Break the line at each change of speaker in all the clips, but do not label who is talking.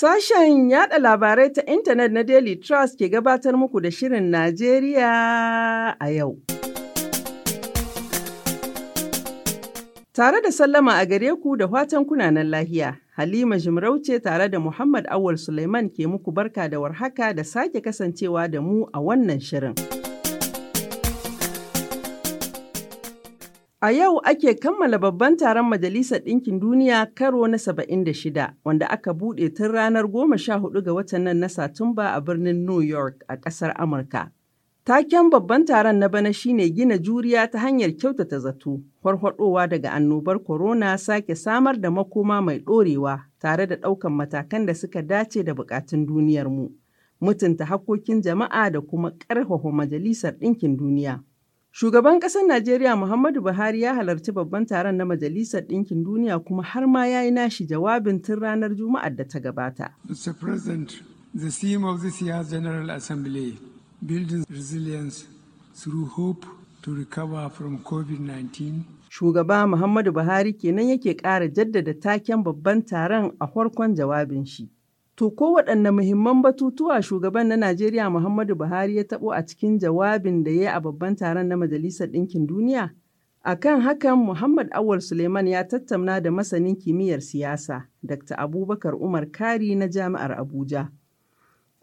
Sashen yada labarai ta intanet na Daily Trust ke gabatar muku da Shirin Najeriya a yau. Tare da sallama a gare ku da watan kunanan lahiya, Halima Jimarauce tare da Muhammad Awal Suleiman ke muku barka da warhaka da sake kasancewa da mu a wannan shirin. A yau ake kammala babban taron Majalisar Ɗinkin Duniya karo na 76 wanda aka buɗe tun ranar 14 ga watan nan na Satumba a birnin New York a ƙasar Amurka. Taken babban taron na bana shine gina juriya ta hanyar kyautata zato, farfadowa daga annobar corona sake samar da makoma mai ɗorewa tare da ɗaukan matakan da suka dace da buƙatun duniyarmu, mutunta hakkokin jama'a da kuma ƙarfafa Majalisar Ɗinkin Duniya. Shugaban ƙasar Najeriya Muhammadu Buhari ya halarci babban taron na Majalisar Ɗinkin Duniya kuma har ma ya yi nashi jawabin tun ranar Juma'ar da ta gabata. Mr. President,
the theme of this year's General Assembly, building resilience through hope to recover from COVID-19.
Shugaba Muhammadu Buhari kenan yake ƙara jaddada taken babban taron a farkon jawabin shi. To ko waɗanne muhimman batutuwa shugaban na Najeriya Muhammadu Buhari ya taɓo a cikin jawabin da ya yi a babban taron na Majalisar Ɗinkin Duniya? A kan hakan Muhammad Awal Suleiman ya tattauna da masanin kimiyyar siyasa, Dr. Abubakar Umar Kari na Jami'ar Abuja.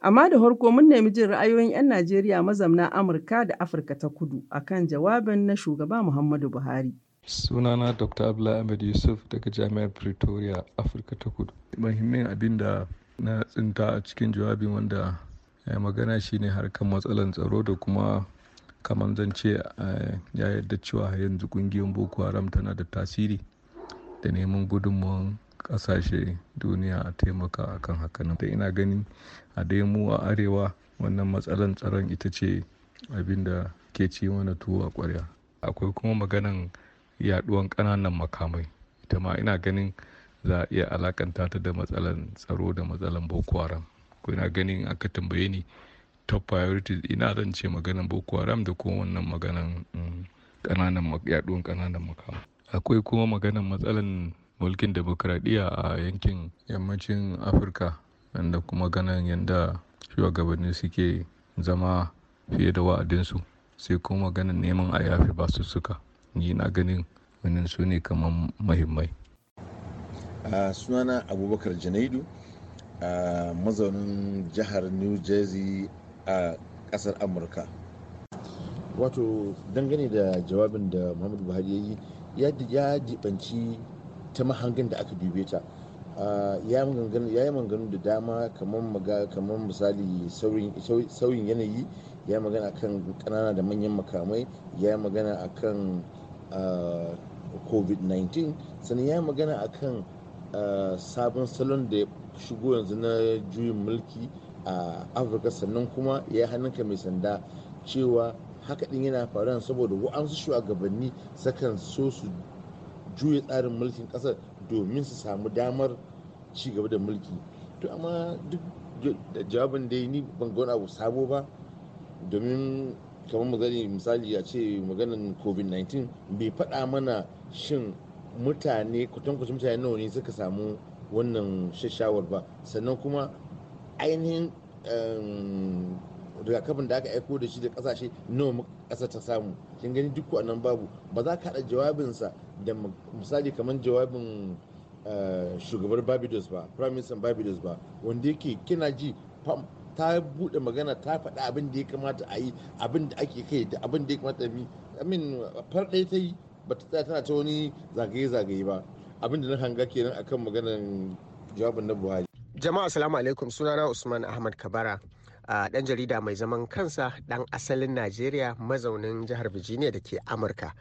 Amma da harko mun nemi jin ra'ayoyin 'yan Najeriya mazamna Amurka da Afirka ta Kudu a kan jawabin na shugaba Muhammadu Buhari.
sunana dr abla ahmed yusuf daga jami'ar pretoria afirka ta kudu muhimmin abin da na tsinta a cikin jawabin wanda ya eh, magana shine harkar matsalar tsaro da kuma kamar zan ce eh, ya yarda cewa yanzu kungiyar boko haram tana da tasiri da neman gudunmuwan kasashe duniya a taimaka akan hakan da ina ganin a mu a arewa wannan matsalar tsaron ita ce abinda ke ci mana tuwo a kwarya akwai kuma maganan yaduwan ƙananan makamai ita ma ina ganin za a iya alakanta ta da matsalan tsaro da matsalan boko haram ko ina ganin aka tambaye ni top priorities ina zan ce maganan boko haram da kuma wannan maganan kananan mm, yaduwan kananan makamu akwai kuma maganan matsalan mulkin demokradiyya a yankin yammacin afirka wanda kuma ganin yadda shugabanni suke zama fiye da wa'adinsu sai kuma ganin neman a yafe basussuka ni na ganin wannan su ne kamar mahimmai
a sunana abubakar janaidu a mazaunin jihar new jersey a kasar amurka wato dangane da jawabin da muhammadu buhari ya yi ya jibanci ta mahangin da aka dube ta ya yi maganganu da dama kamar misali sauyin yanayi ya magana kan kanana da manyan makamai ya yi magana akan covid-19 sannan ya magana akan sabon salon da ya shigo yanzu na juyin mulki a afirka sannan kuma ya yi hannunka mai sanda cewa haka ɗin yana faruwa saboda wa'ansu shugabanni sakan so su juya tsarin mulkin kasar domin su samu damar ci gaba da mulki to amma duk jawabin da ni ban ga abu sabo ba domin kamar misali a ce maganin covid-19 bai faɗa mana shin mutane kutankucin mutane nawa ne suka samu wannan shashawar ba sannan kuma ainihin um, rigakafin da aka aiko da shi da kasashe nawa kasa ta samu kin gani duk nan babu ba za ka haɗa jawabinsa da misali kamar jawabin eh, shugabar barbados ba prime minister barbados ba wanda yake kina ji ta buɗe magana ta faɗa abin da ya kamata a yi abin da ake kai da abin da ya kamata a yi amin far ɗaya ta yi ba ta tsaya tana ta wani zagaye-zagaye ba abinda na hanga kenan akan maganar jawabin na buhari
jama'a assalamu alaikum sunana usman ahmad kabara Uh, dan jarida mai zaman kansa dan asalin najeriya mazaunin jihar virginia da ke amurka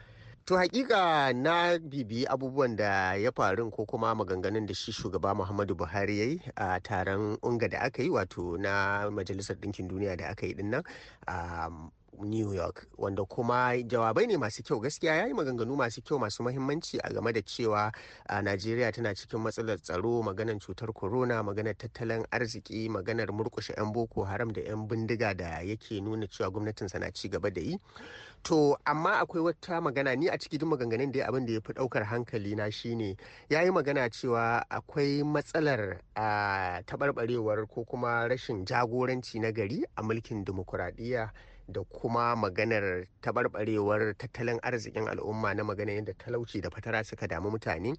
to hakika na bibi abubuwan da ya faru ko kuma maganganun da shi shugaba muhammadu buhari ya yi a taron unga da aka yi wato na majalisar ɗinkin duniya da aka yi dinnan. new york wanda kuma jawabai ne masu kyau gaskiya ya yi maganganu masu kyau masu mahimmanci a game da cewa a najeriya tana cikin matsalar tsaro maganar cutar corona maganar tattalin arziki maganar murkushe 'yan boko haram da 'yan bindiga da yake nuna cewa gwamnatinsa na ci gaba da yi to amma akwai wata magana ni a ciki duk maganganun da abin da ya fi daukar hankali na shine ya yi magana cewa akwai matsalar taɓarɓarewar ko kuma rashin jagoranci na gari a mulkin dimokuraɗiyya da kuma maganar tabarbarewar tattalin arzikin al'umma na maganar yadda talauci da fatara suka damu mutane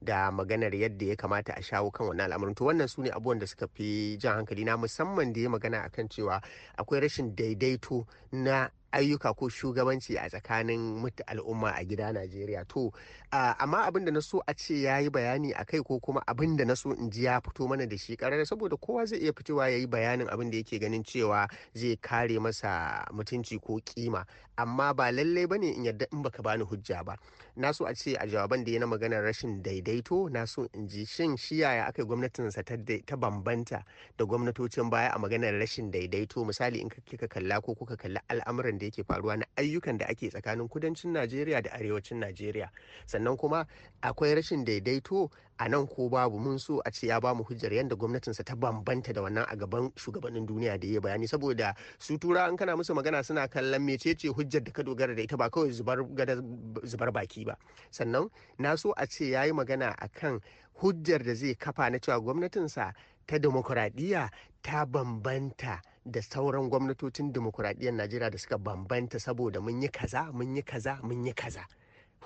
da maganar yadda ya kamata a shawo kan wannan al'amarin to wannan su ne abubuwan da suka fi jan hankali na musamman da ya magana akan cewa akwai rashin daidaito na ayyuka ko shugabanci a tsakanin al'umma a gida najeriya to amma abin da na so a ce ya yi bayani a kai ko kuma abin da na so in ji ya fito mana da shi karar saboda kowa zai iya fitowa ya yi bayanin abin da yake ganin cewa zai kare masa mutunci ko kima amma ba lallai ne in yarda in baka bani hujja ba na so a ce a jawaban da ya na maganar rashin daidaito na so in ji shin shi yaya aka gwamnatinsa ta bambanta da gwamnatocin baya a maganar rashin daidaito misali in kika kalla ko kuka kalla al'amuran da yake faruwa na ayyukan da ake tsakanin kudancin najeriya da arewacin najeriya sannan kuma akwai rashin daidaito a nan ko babu mun so a ce ya bamu hujjar yadda gwamnatinsa ta bambanta da wannan a gaban shugabannin duniya da ya bayani saboda su tura an kana musu magana suna kallon mecece hujjar da ka dogara da ita ba kawai zubar baki ba sannan na so a ce ya yi magana a kan hujjar da zai kafa na cewa gwamnatinsa ta demokuraɗiyya ta bambanta da sauran gwamnatocin demokuraɗiyyar najeriya da suka bambanta saboda mun yi kaza mun yi kaza mun yi kaza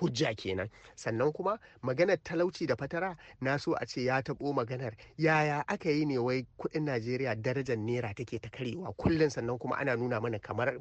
hujja kenan sannan kuma maganar talauci da fatara na so a ce ya taɓo maganar yaya aka yi ne wai kuɗin najeriya darajar naira take ta karewa kullum sannan kuma ana nuna mana kamar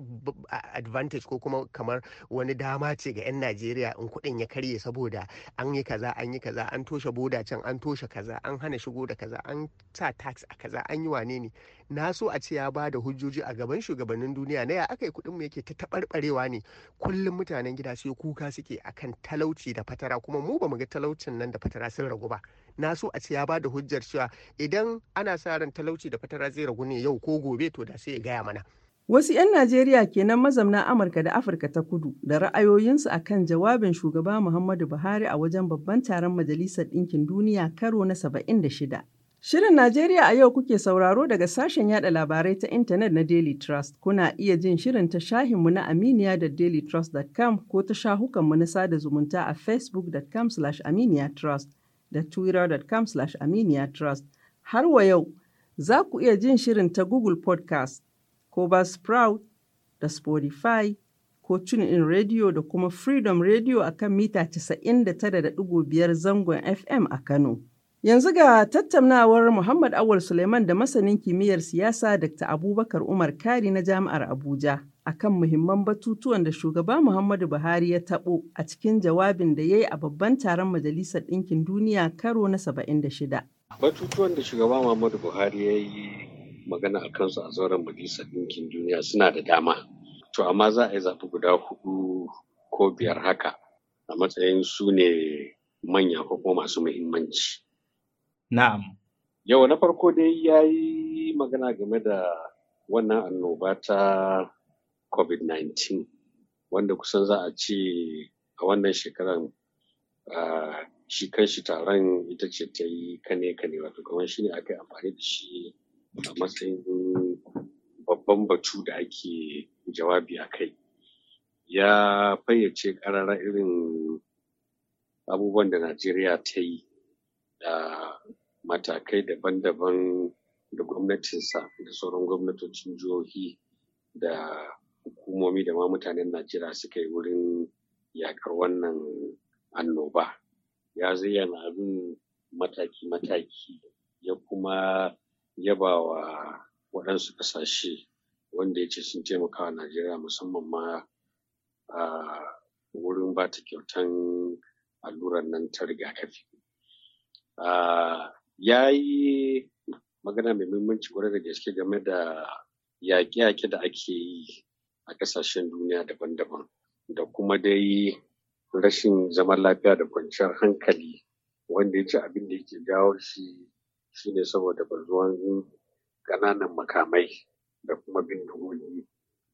advantage ko kuma kamar wani dama ce ga 'yan najeriya in kuɗin ya karye saboda an yi kaza an yi kaza an toshe boda can an toshe kaza an hana shigo da kaza an sa tax a kaza an yi wane ne na so a ce ya ba da hujjoji a gaban shugabannin duniya na ya aka yi kuɗin mu yake ta taɓarɓarewa ne kullum mutanen gida sai kuka suke akan talauci da fatara kuma mu ba mu ga talaucin nan da fatara sun ragu ba na so a ce ya ba da hujjar cewa idan ana sa ran talauci da fatara zai ragu ne yau ko gobe to da sai ya gaya mana
Wasu 'yan Najeriya kenan mazamna Amurka da Afirka ta kudu da ra'ayoyinsu a kan jawabin shugaba Muhammadu Buhari a wajen babban taron Majalisar Ɗinkin Duniya karo na 76. Shirin Najeriya a yau kuke sauraro daga sashen yada labarai ta intanet na Daily Trust. Kuna iya jin shirin ta shahinmu na Aminiya da dailytrust.com ko ta shahukanmu na sada zumunta a facebook.com slash aminiyatrust da twitter.com slash aminiyatrust. Har wa yau, za ku iya jin shirin ta Google Podcast ko Buzzsprout da Spotify ko TuneIn Radio da kuma Freedom Radio a kan mita 99.5 zangon FM a Kano. Yanzu ga tattaunawar Muhammad Awul Suleiman da masanin kimiyyar siyasa Dr. Abubakar Umar Kari na Jami'ar Abuja akan muhimman batutuwan da shugaba Muhammadu Buhari ya taɓo a cikin jawabin da ya yi a babban taron Majalisar Ɗinkin Duniya karo na 76.
Batutuwan da shugaba Muhammadu Buhari ya yi magana a kansu a zauren Majalisar Ɗinkin Duniya suna da dama. To amma za a yi zaɓi guda
huɗu
ko biyar haka a matsayin su ne manya ko masu muhimmanci. Na'am. Yau na farko dai ya yi magana game da wannan annoba ta COVID-19 wanda kusan za a ce a wannan shekaran shi kan shi taron ita ce ta yi kane kane wato kamar shi ne aka yi amfani da shi a matsayin babban batu da ake jawabi a kai ya fayyace karara irin abubuwan da najeriya ta yi da matakai daban-daban da gwamnatinsa da sauran gwamnatocin jihohi da hukumomi da ma mutanen Najeriya suka yi wurin yakar wannan annoba. Ya zayyana abin mataki-mataki ya kuma yabawa waɗansu ƙasashe wanda ya ce sun taimaka wa Najeriya musamman ma a wurin ba ta kyautan allurar nan ta rigakafi. ya yi magana mai muhimmanci kwarai da gaske game da yaƙe-yaƙe da ake yi a ƙasashen duniya daban-daban da kuma dai rashin zaman lafiya da kwanciyar hankali wanda ya ce abin da yake jawo shi shine saboda bazuwan ƙananan makamai da kuma bin bindigogi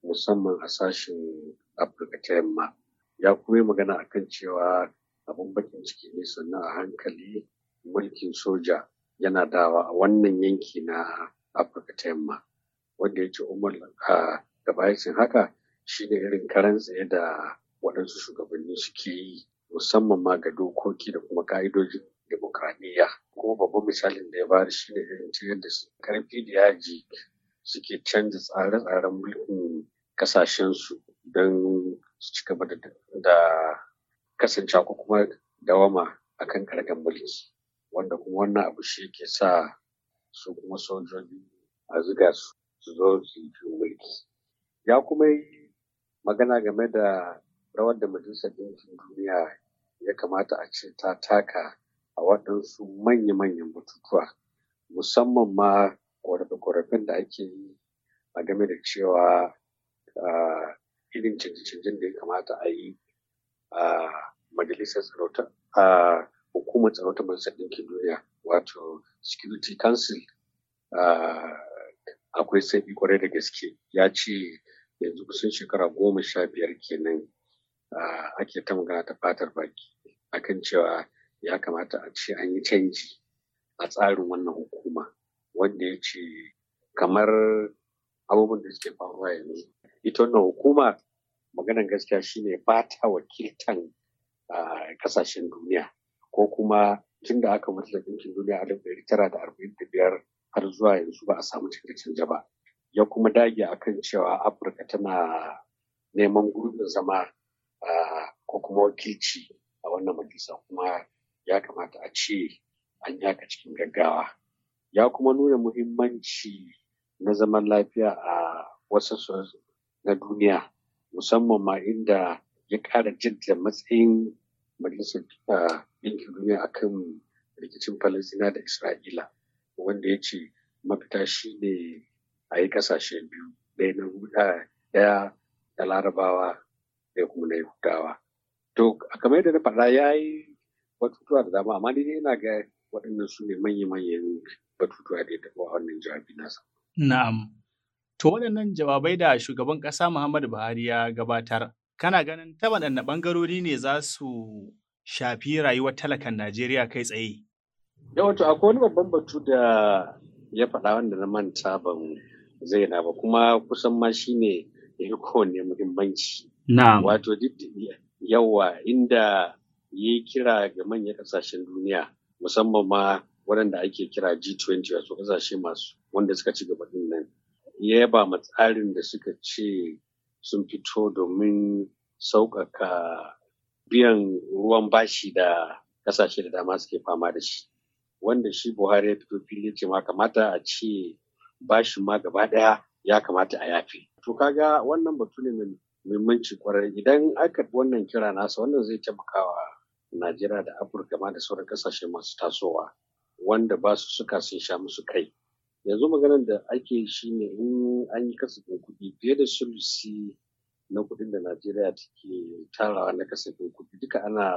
musamman a sashen afirka ta yamma ya kuma yi magana akan cewa abin bakin ciki ne sannan a hankali mulkin soja yana dawa a wannan yanki na afirka ta yamma wanda ya ce umar da bayan haka shi ne irin karan tsaye da waɗansu shugabanni suke yi musamman ma ga dokoki da kuma ka'idojin demokradiyya kuma babban misalin da ya bada shi ne irin ta yadda karfi da yaji suke canza tsare-tsaren mulkin kasashensu don su ci gaba da kasancewa ko kuma dawama akan kargan mulki wanda kuma wannan abu shi ke sa su kuma sojoji a ziga su su zo su yi mulki ya kuma yi magana game da rawar da majalisar ɗinkin duniya ya kamata a ce ta taka a waɗansu manya-manyan batutuwa musamman ma ƙorafe-ƙorafen da ake yi a game da cewa irin canje-canjen da ya kamata a yi a majalisar tsaro ta hukumar tsaro ta majalisar ɗinkin duniya wato security council akwai sai kwarai da gaske ya ce yanzu kusan shekara goma sha biyar kenan ake ta magana ta fatar baki akan cewa ya kamata a ce an yi canji a tsarin wannan hukuma wanda ya ce kamar abubuwan da suke faruwa yanzu ita wannan hukuma maganan gaskiya shine ba ta wakiltan kasashen duniya ko kuma tun da aka mutu da ɗinkin duniya alif ɗari tara da arba'in da biyar har zuwa yanzu ba a samu cikakken canje ba ya kuma dage a kan cewa afirka tana neman gurbin zama ko kuma wakilci a wannan majalisa kuma ya kamata a ce an yaka cikin gaggawa ya kuma nuna muhimmanci na zaman lafiya a wasu na duniya musamman ma inda ya ƙara jaddada matsayin majalisar ah, ɗinkin duniya a kan rikicin falasina da isra'ila wanda ya ce mafita shi ne a yi ƙasashe biyu ɗaya na huda ah, ɗaya da larabawa da kuma na yahudawa to kamar yadda na faɗa ya yi batutuwa da dama amma dai ina ga waɗannan su ne manya-manyan batutuwa da ya
taɓa wannan jawabi nasa.
Na'am. To waɗannan jawabai da shugaban ƙasa Muhammadu
Buhari ya gabatar Kana ganin ta waɗanne ɓangarori ne za su shafi rayuwar talakan Najeriya kai tsaye?
Yawato akwai wani babban batu da ya faɗa wanda na manta ban na ba kuma kusan ma shi ne ya kowane muhimmanci. Wato yawa inda ya yi kira ga manyan ƙasashen duniya musamman ma waɗanda ake kira G20 wato ƙasashe masu wanda suka ci gaba ɗin nan. Ya yaba ma tsarin da suka ce sun fito domin sauƙaƙa biyan ruwan bashi da ƙasashe da dama suke fama da shi wanda shi buhari ya fito fili ce ma kamata a ce bashin ma gaba ɗaya ya kamata a yafe to ga wannan batu ne mai muhimmanci kwarai idan aka wannan kira nasa wannan zai taimakawa najeriya da afirka ma da sauran ƙasashe masu tasowa wanda ba su suka sun sha musu kai yanzu maganar da ake shi ne in an yi kasafin kuɗi fiye da sulusi na kuɗin da Najeriya take tarawa na kasafin kuɗi duka ana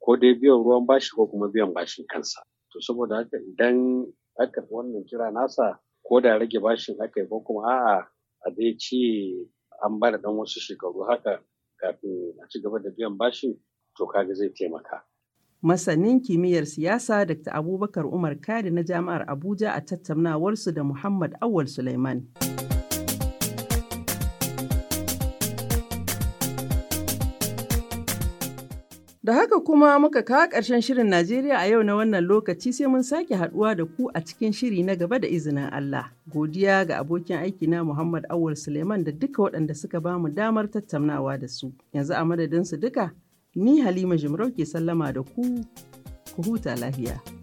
ko dai biyan ruwan bashi ko kuma biyan bashin kansa. To saboda haka idan aka wannan kira nasa ko da rage bashin aka yi ko kuma a'a a dai ce an bada ɗan wasu shekaru haka kafin a ci gaba da biyan bashin to kaga zai taimaka.
masanin kimiyyar siyasa Dr. Abubakar Umar Kari na Jami'ar Abuja a tattaunawarsu da Muhammad Awal Suleiman. Da haka kuma muka kawo ƙarshen shirin Najeriya a yau na wannan lokaci sai mun sake haɗuwa da ku a cikin shiri na gaba da izinin Allah. Godiya ga abokin aikina Muhammad Awul Suleiman da duka waɗanda suka bamu damar tattaunawa da su. Yanzu a madadinsu duka, Ni Halima Jimarau ke sallama da ku, ku huta lahiya.